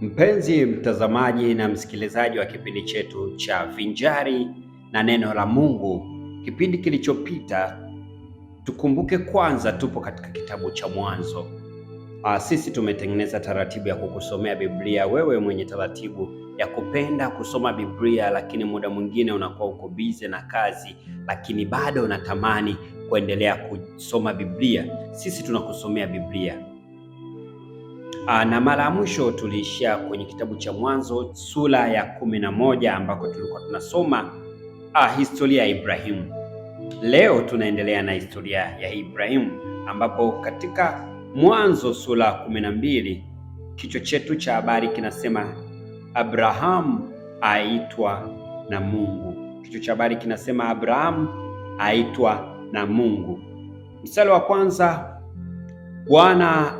Mpenzi mtazamaji na msikilizaji wa kipindi chetu cha Vinjari na Neno la Mungu, kipindi kilichopita tukumbuke kwanza, tupo katika kitabu cha Mwanzo. Ah, sisi tumetengeneza taratibu ya kukusomea Biblia. Wewe mwenye taratibu ya kupenda kusoma Biblia, lakini muda mwingine unakuwa uko bize na kazi, lakini bado unatamani kuendelea kusoma Biblia, sisi tunakusomea Biblia Ah, na mara ya mwisho tuliishia kwenye kitabu cha Mwanzo sura ya kumi na moja ambako tulikuwa tunasoma a, ah, historia ya Ibrahimu. Leo tunaendelea na historia ya Ibrahimu ambapo katika Mwanzo sura ya kumi na mbili kichwa chetu cha habari kinasema Abrahamu aitwa na Mungu. Kichwa cha habari kinasema Abrahamu aitwa na Mungu. Mstari wa kwanza, Bwana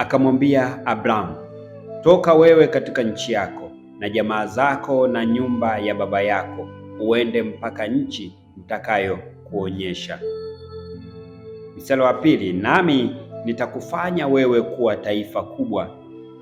akamwambia abraham toka wewe katika nchi yako na jamaa zako na nyumba ya baba yako, uende mpaka nchi nitakayokuonyesha. Mstari wa pili, nami nitakufanya wewe kuwa taifa kubwa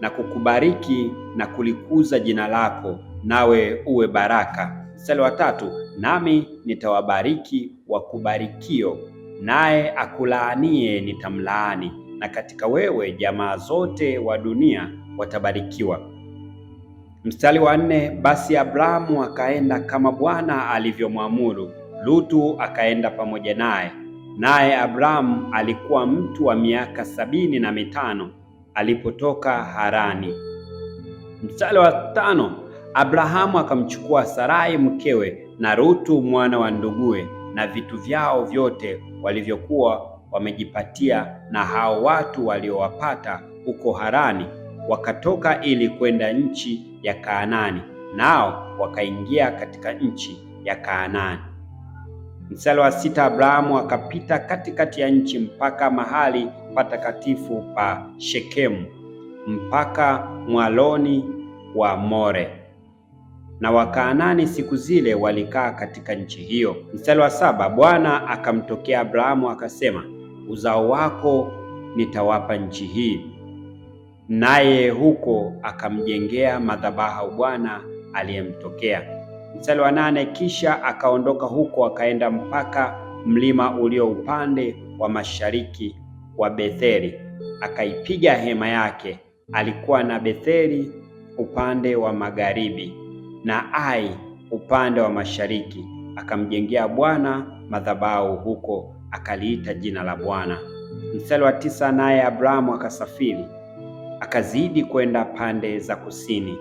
na kukubariki na kulikuza jina lako, nawe uwe baraka. Mstari wa tatu, nami nitawabariki wakubarikio, naye akulaanie nitamlaani na katika wewe jamaa zote wa dunia watabarikiwa. Mstari wa nne, basi Abrahamu akaenda kama Bwana alivyomwamuru. Lutu akaenda pamoja naye, naye Abrahamu alikuwa mtu wa miaka sabini na mitano alipotoka Harani. Mstari wa tano, Abrahamu akamchukua Sarai mkewe na Rutu mwana wa ndugue na vitu vyao vyote walivyokuwa wamejipatia na hao watu waliowapata huko Harani wakatoka ili kwenda nchi ya Kaanani, nao wakaingia katika nchi ya Kaanani. Mstari wa sita, Abrahamu akapita katikati ya nchi mpaka mahali patakatifu pa Shekemu mpaka mwaloni wa More, na Wakaanani siku zile walikaa katika nchi hiyo. Mstari wa saba, Bwana akamtokea Abrahamu akasema uzao wako nitawapa nchi hii. Naye huko akamjengea madhabahu Bwana aliyemtokea. Mstari wa nane, kisha akaondoka huko akaenda mpaka mlima ulio upande wa mashariki wa Betheli, akaipiga hema yake. Alikuwa na Betheli upande wa magharibi na Ai upande wa mashariki, akamjengea Bwana madhabahu huko akaliita jina la Bwana. Mstari wa tisa, naye Abrahamu akasafiri akazidi kwenda pande za kusini.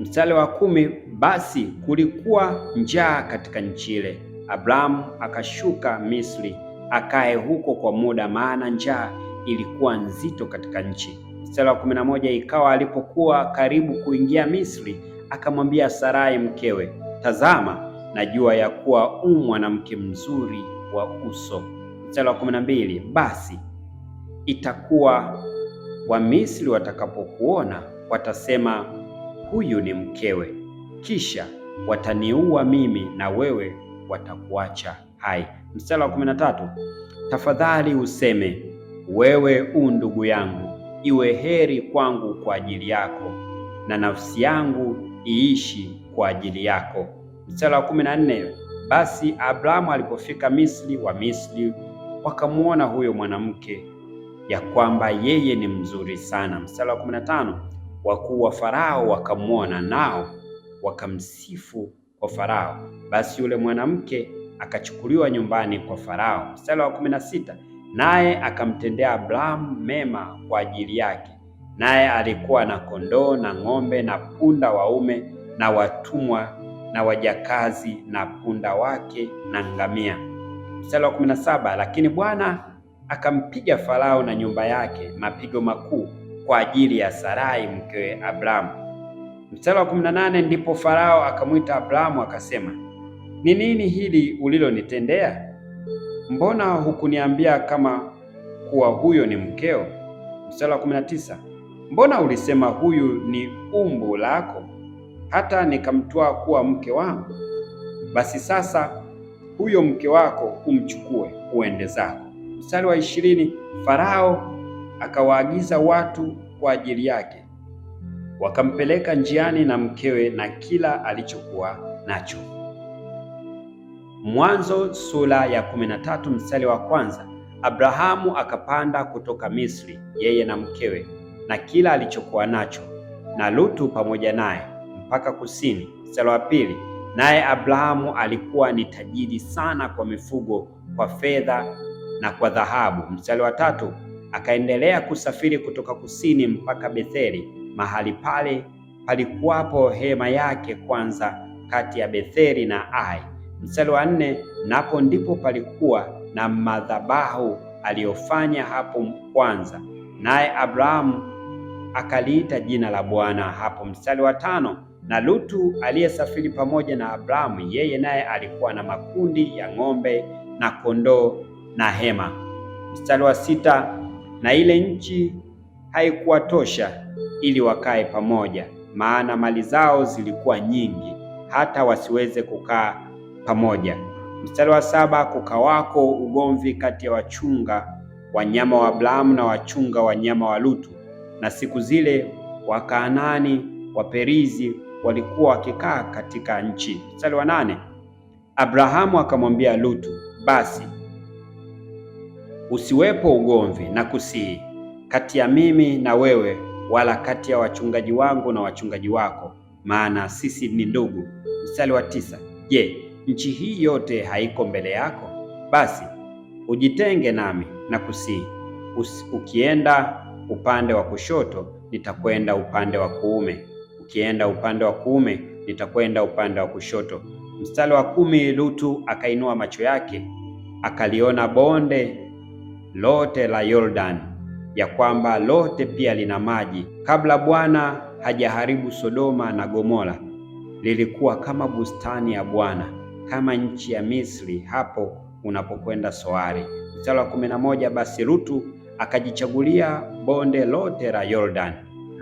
Mstari wa kumi, basi kulikuwa njaa katika nchi ile. Abrahamu akashuka Misri akae huko kwa muda, maana njaa ilikuwa nzito katika nchi. Mstari wa kumi na moja, ikawa alipokuwa karibu kuingia Misri, akamwambia Sarai mkewe, tazama najua ya kuwa u mwanamke mzuri wa uso. Mstari wa kumi na mbili, basi itakuwa Wamisri watakapokuona watasema huyu ni mkewe, kisha wataniua mimi na wewe watakuacha hai. Mstari wa kumi na tatu, tafadhali useme wewe u ndugu yangu, iwe heri kwangu kwa ajili yako na nafsi yangu iishi kwa ajili yako mstari wa kumi na nne basi Abrahamu alipofika Misri, wa Misri wakamwona huyo mwanamke ya kwamba yeye ni mzuri sana. Mstari wa kumi na tano wakuu wa Farao wakamwona nao wakamsifu kwa Farao, basi yule mwanamke akachukuliwa nyumbani kwa Farao. Mstari wa kumi na sita naye akamtendea Abrahamu mema kwa ajili yake, naye alikuwa na kondoo na ng'ombe na punda waume na watumwa na wajakazi na punda wake na ngamia. Mstari wa kumi na saba lakini Bwana akampiga Farao na nyumba yake mapigo makuu kwa ajili ya Sarai mkewe Abrahamu. Mstari wa kumi na nane ndipo Farao akamwita Abrahamu akasema, ni nini hili ulilonitendea? Mbona hukuniambia kama kuwa huyo ni mkeo? Mstari wa kumi na tisa mbona ulisema huyu ni umbu lako? hata nikamtwaa kuwa mke wangu, basi sasa huyo mke wako umchukue uende zako. Mstari wa ishirini, Farao akawaagiza watu kwa ajili yake, wakampeleka njiani na mkewe na kila alichokuwa nacho. Mwanzo sura ya 13 mstari wa kwanza. Abrahamu akapanda kutoka Misri, yeye na mkewe na kila alichokuwa nacho, na Lutu pamoja naye mpaka kusini. Mstari wa pili, naye Abrahamu alikuwa ni tajiri sana kwa mifugo, kwa fedha na kwa dhahabu. Mstari wa tatu, akaendelea kusafiri kutoka kusini mpaka Betheli. Mahali pale palikuwapo hema yake kwanza kati ya Betheli na Ai. Mstari wa nne, napo ndipo palikuwa na madhabahu aliyofanya hapo kwanza, naye Abrahamu akaliita jina la Bwana hapo. Mstari wa tano na Lutu aliyesafiri pamoja na Abrahamu, yeye naye alikuwa na makundi ya ng'ombe na kondoo na hema. Mstari wa sita, na ile nchi haikuwa tosha ili wakae pamoja, maana mali zao zilikuwa nyingi hata wasiweze kukaa pamoja. Mstari wa saba, kukawako ugomvi kati ya wachunga wanyama wa Abrahamu na wachunga wanyama wa Lutu, na siku zile wakaanani Waperizi, walikuwa wakikaa katika nchi. Mstari wa nane, Abrahamu akamwambia Lutu, basi usiwepo ugomvi na kusihi kati ya mimi na wewe, wala kati ya wachungaji wangu na wachungaji wako, maana sisi ni ndugu. Mstari wa tisa, je, nchi hii yote haiko mbele yako? Basi ujitenge nami na kusihi ukienda upande wa kushoto, nitakwenda upande wa kuume ukienda upande wa kuume nitakwenda upande wa kushoto. Mstari wa kumi, Lutu akainua macho yake akaliona bonde lote la Yordani, ya kwamba lote pia lina maji. Kabla Bwana hajaharibu Sodoma na Gomora, lilikuwa kama bustani ya Bwana, kama nchi ya Misri, hapo unapokwenda Soari. Mstari wa kumi na moja, basi Lutu akajichagulia bonde lote la Yordani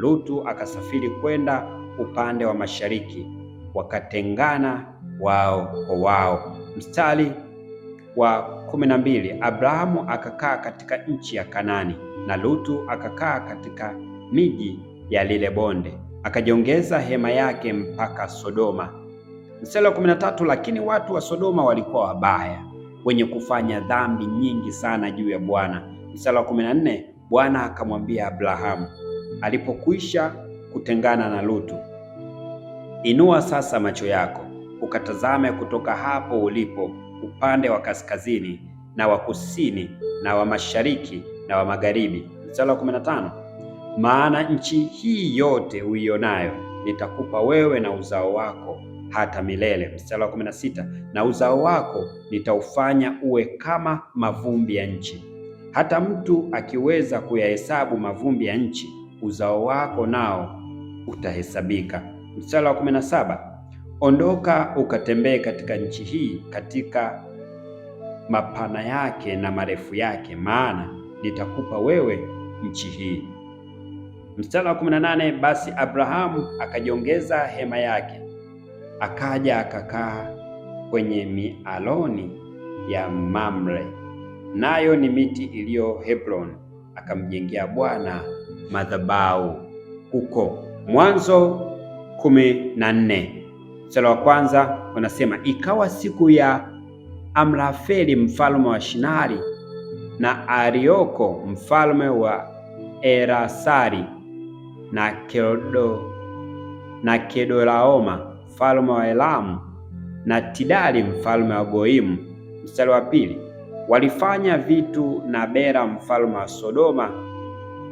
Lutu akasafiri kwenda upande wa mashariki, wakatengana wao kwa wao. Mstari wa kumi na mbili, Abrahamu akakaa katika nchi ya Kanani na Lutu akakaa katika miji ya lile bonde, akajiongeza hema yake mpaka Sodoma. Mstari wa kumi na tatu, lakini watu wa Sodoma walikuwa wabaya, wenye kufanya dhambi nyingi sana juu ya Bwana. Mstari wa kumi na nne, Bwana akamwambia Abrahamu alipokwisha kutengana na Lutu. Inua sasa macho yako ukatazame kutoka hapo ulipo upande wa kaskazini na wa kusini na wa mashariki na wa magharibi. Mstari wa 15, maana nchi hii yote uionayo nitakupa wewe na uzao wako hata milele. Mstari wa 16, na uzao wako nitaufanya uwe kama mavumbi ya nchi, hata mtu akiweza kuyahesabu mavumbi ya nchi uzao wako nao utahesabika. Mstari wa kumi na saba, ondoka ukatembee katika nchi hii, katika mapana yake na marefu yake, maana nitakupa wewe nchi hii. Mstari wa kumi na nane, basi Abrahamu akajiongeza hema yake, akaja akakaa kwenye mialoni ya Mamre, nayo ni miti iliyo Hebron, akamjengea Bwana madhabahu huko. Mwanzo kumi na nne mstari wa kwanza unasema, ikawa siku ya Amrafeli mfalme wa Shinari na Arioko mfalme wa Erasari na Kedo na Kedolaoma mfalme wa Elamu na Tidali mfalme wa Goimu. Mstari wa pili walifanya vitu na Bera mfalme wa Sodoma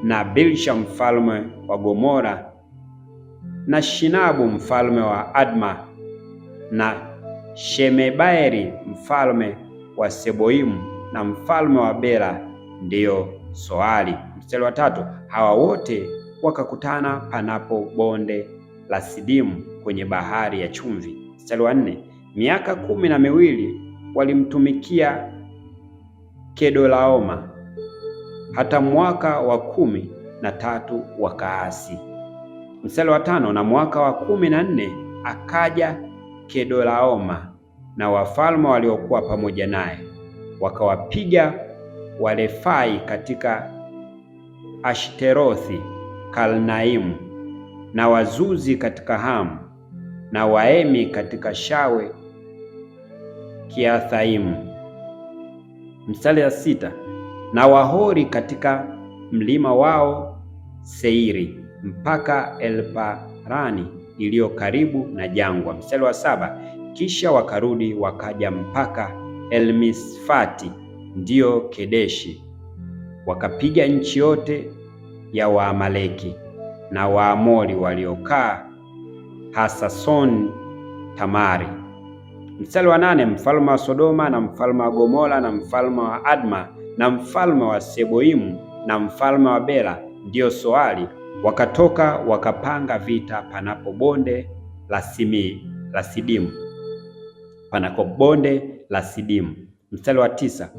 na bilsha mfalme wa Gomora na Shinabu mfalme wa Adma na Shemebaeri mfalme wa Seboimu na mfalme wa Bela ndiyo Soali. Mstari wa tatu, hawa wote wakakutana panapo bonde la Sidimu kwenye bahari ya chumvi. Mstari wa nne, miaka kumi na miwili walimtumikia Kedolaoma hata mwaka wa kumi na tatu wakaasi. Mstari wa tano, na mwaka wa kumi na nne akaja Kedolaoma na wafalme waliokuwa pamoja naye wakawapiga Warefai katika ashterothi Kalnaimu na Wazuzi katika Hamu na Waemi katika Shawe Kiathaimu. Mstari ya sita na Wahori katika mlima wao Seiri mpaka Elparani iliyo karibu na jangwa. Mstari wa saba, kisha wakarudi wakaja mpaka Elmisfati ndiyo Kedeshi, wakapiga nchi yote ya Waamaleki na Waamori waliokaa Hasasoni Tamari. Mstari wa nane, mfalme wa Sodoma na mfalme wa Gomora na mfalme wa Adma na mfalme wa Seboimu na mfalme wa Bela ndiyo soali wakatoka wakapanga vita panapo bonde la Simi la Sidimu, panapo bonde la Sidimu. Mstari wa tisa,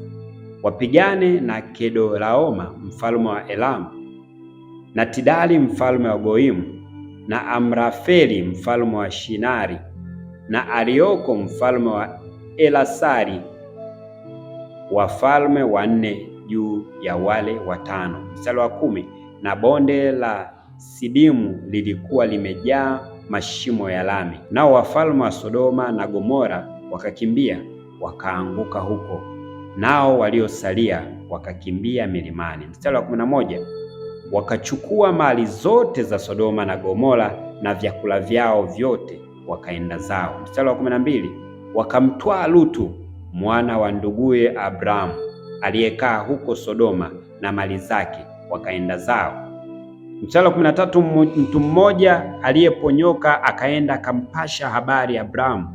wapigane na Kedolaoma mfalme wa Elamu na Tidali mfalme wa Goimu na Amrafeli mfalme wa Shinari na Arioko mfalme wa Elasari wafalme wanne juu ya wale watano. Mstari wa kumi, na bonde la Sidimu lilikuwa limejaa mashimo ya lami, nao wafalme wa Sodoma na Gomora wakakimbia wakaanguka huko, nao waliosalia wakakimbia milimani. Mstari wa kumi na moja, wakachukua mali zote za Sodoma na Gomora na vyakula vyao vyote wakaenda zao. Mstari wa kumi na mbili, wakamtwaa Lutu mwana wa nduguye Abrahamu aliyekaa huko Sodoma na mali zake, wakaenda zao. Mstari wa kumi na tatu, mtu mmoja aliyeponyoka akaenda akampasha habari Abrahamu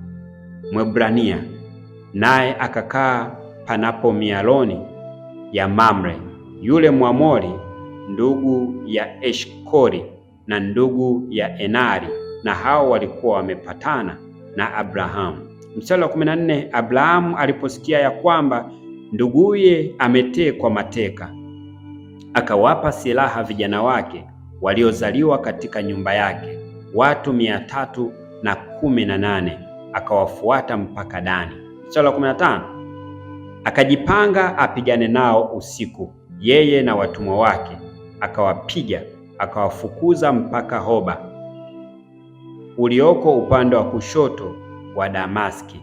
Mwebrania, naye akakaa panapo mialoni ya Mamre, yule Mwamori ndugu ya Eshkori na ndugu ya Enari, na hao walikuwa wamepatana na Abrahamu. Mstari wa kumi na nne, Abrahamu aliposikia ya kwamba nduguye ametekwa mateka, akawapa silaha vijana wake waliozaliwa katika nyumba yake, watu mia tatu na kumi na nane akawafuata mpaka Dani. Mstari wa kumi na tano, akajipanga apigane nao usiku, yeye na watumwa wake, akawapiga akawafukuza mpaka Hoba ulioko upande wa kushoto wa Damaski.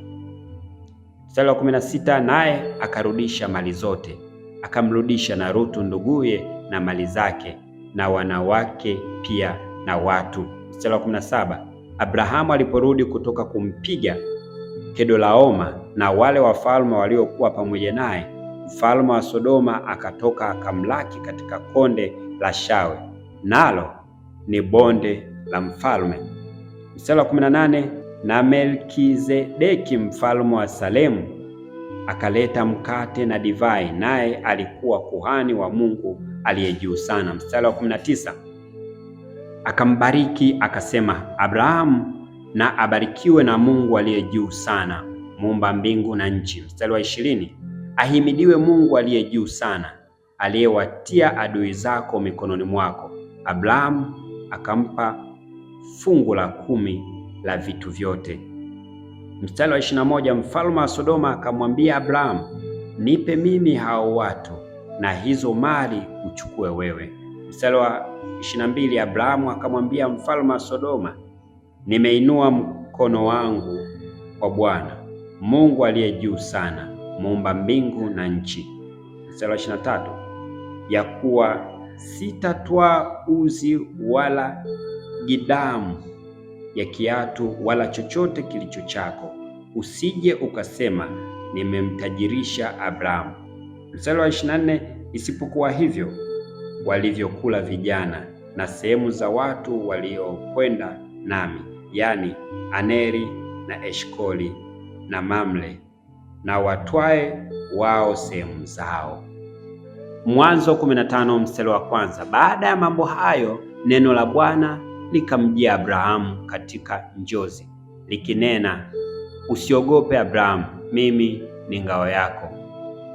Mstari wa 16, naye akarudisha mali zote, akamrudisha na rutu nduguye na mali zake na wanawake pia na watu. Mstari wa 17, Abrahamu aliporudi kutoka kumpiga Kedolaoma na wale wafalme waliokuwa pamoja naye, mfalme wa Sodoma akatoka akamlaki katika konde la Shawe, nalo ni bonde la mfalme. Mstari wa na Melkizedeki mfalme wa Salemu akaleta mkate na divai, naye alikuwa kuhani wa Mungu aliye juu sana. Mstari wa 19, akambariki akasema, Abrahamu na abarikiwe na Mungu aliye juu sana, muumba mbingu na nchi. Mstari wa ishirini, ahimidiwe Mungu aliye juu sana, aliyewatia adui zako mikononi mwako. Abrahamu akampa fungu la kumi la vitu vyote. Mstari wa 21, mfalme wa Sodoma akamwambia Abrahamu, nipe mimi hao watu na hizo mali uchukue wewe. Mstari wa 22, Abrahamu akamwambia mfalme wa Sodoma, nimeinua mkono wangu kwa Bwana Mungu aliye juu sana, muumba mbingu na nchi. Mstari wa tatu, ya kuwa sitatwaa uzi wala gidamu ya kiatu wala chochote kilicho chako, usije ukasema nimemtajirisha Abrahamu. Mstari wa 24, isipokuwa hivyo walivyokula vijana na sehemu za watu waliokwenda nami, yani Aneri na Eshkoli na Mamle, na watwae wao sehemu zao. Mwanzo 15 mstari wa kwanza. Baada ya mambo hayo neno la Bwana likamjia Abrahamu katika njozi likinena, usiogope Abrahamu, mimi ni ngao yako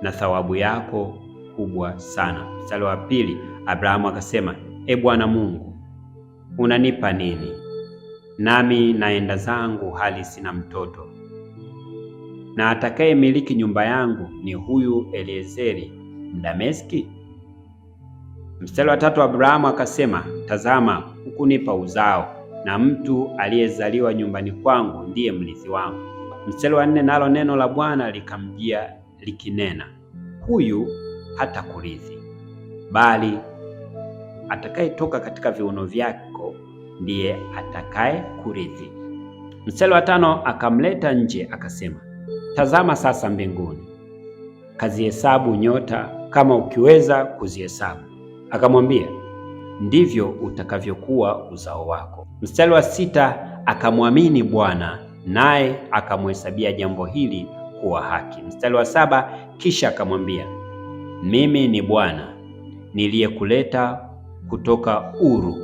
na thawabu yako kubwa sana. Mstari wa pili, Abrahamu akasema, e Bwana Mungu, unanipa nini? Nami naenda zangu hali sina mtoto, na atakaye miliki nyumba yangu ni huyu Eliezeri Mdameski. Mstari wa tatu, Abrahamu akasema, tazama hukunipa uzao, na mtu aliyezaliwa nyumbani kwangu ndiye mrithi wangu. Mstari wa nne, nalo neno la Bwana likamjia likinena, huyu hata kurithi, bali atakayetoka katika viuno vyako ndiye atakaye kurithi. Mstari wa tano, akamleta nje akasema, tazama sasa mbinguni, kazihesabu nyota kama ukiweza kuzihesabu. Akamwambia, ndivyo utakavyokuwa uzao wako. Mstari wa sita, akamwamini Bwana naye akamhesabia jambo hili kuwa haki. Mstari wa saba, kisha akamwambia, mimi ni Bwana niliyekuleta kutoka Uru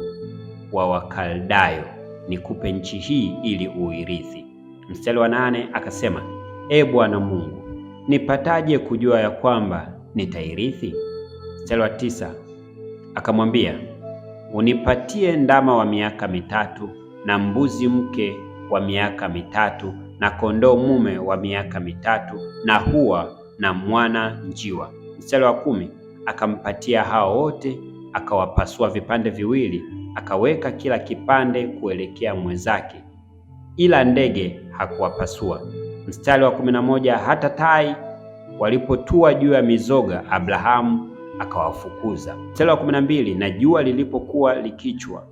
wa Wakaldayo nikupe nchi hii ili uirithi. Mstari wa nane, akasema, e Bwana Mungu, nipataje kujua ya kwamba nitairithi? Mstari wa tisa, akamwambia unipatie ndama wa miaka mitatu na mbuzi mke wa miaka mitatu na kondoo mume wa miaka mitatu na hua na mwana njiwa. Mstari wa kumi, akampatia hao wote, akawapasua vipande viwili, akaweka kila kipande kuelekea mwenzake, ila ndege hakuwapasua. Mstari wa kumi na moja, hata tai walipotua juu ya mizoga Abrahamu akawafukuza. Mstari wa kumi na mbili, na jua lilipokuwa likichwa,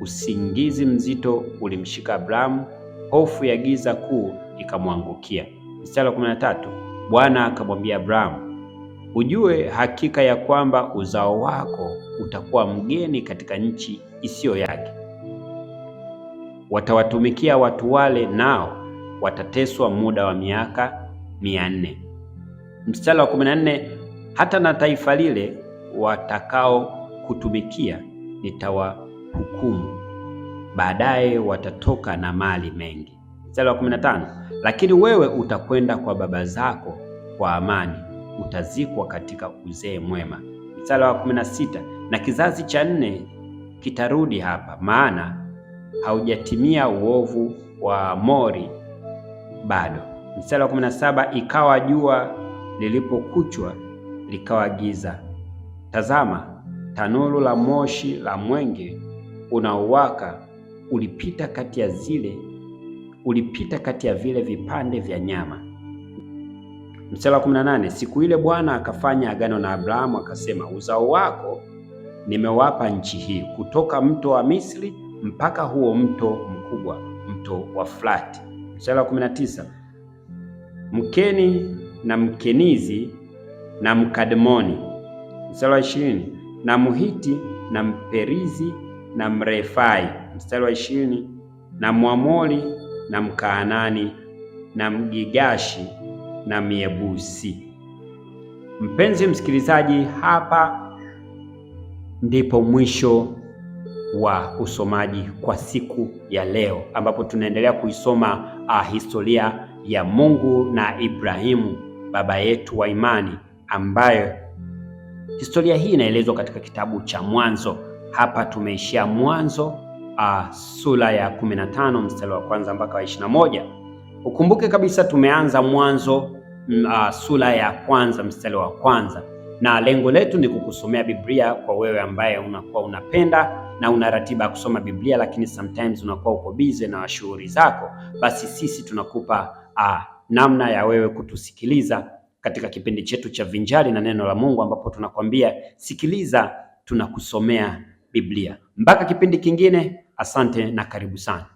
usingizi mzito ulimshika Abrahamu, hofu ya giza kuu ikamwangukia. Mstari wa kumi na tatu, Bwana akamwambia Abrahamu, ujue hakika ya kwamba uzao wako utakuwa mgeni katika nchi isiyo yake, watawatumikia watu wale, nao watateswa muda wa miaka mia nne. Mstari wa kumi na nne hata na taifa lile watakao kutumikia nitawahukumu, baadaye watatoka na mali mengi. Mstari wa 15, lakini wewe utakwenda kwa baba zako kwa amani, utazikwa katika uzee mwema. Mstari wa 16, na kizazi cha nne kitarudi hapa, maana haujatimia uovu wa mori bado. Mstari wa 17, ikawa jua lilipokuchwa likawa giza. Tazama, tanuru la moshi la mwenge unaowaka ulipita kati ya zile ulipita kati ya vile vipande vya nyama. Mstari wa 18, siku ile Bwana akafanya agano na Abrahamu akasema, uzao wako nimewapa nchi hii, kutoka mto wa Misri mpaka huo mto mkubwa, mto wa Frati. Mstari wa 19, mkeni na mkenizi na mkadmoni. Mstari wa ishirini na mhiti na mperizi na mrefai. Mstari wa ishirini na mwamoli na mkaanani na mgigashi na miebusi. Mpenzi msikilizaji, hapa ndipo mwisho wa usomaji kwa siku ya leo, ambapo tunaendelea kuisoma ah, historia ya Mungu na Ibrahimu baba yetu wa imani ambayo historia hii inaelezwa katika kitabu cha Mwanzo. Hapa tumeishia Mwanzo uh, sura ya 15 mstari wa kwanza mpaka wa 21. Ukumbuke kabisa tumeanza Mwanzo uh, sura ya kwanza mstari wa kwanza na lengo letu ni kukusomea Biblia kwa wewe ambaye unakuwa unapenda na una ratiba ya kusoma Biblia, lakini sometimes unakuwa uko busy na shughuli zako, basi sisi tunakupa uh, namna ya wewe kutusikiliza katika kipindi chetu cha Vinjari na Neno la Mungu, ambapo tunakwambia sikiliza, tunakusomea Biblia. Mpaka kipindi kingine, asante na karibu sana.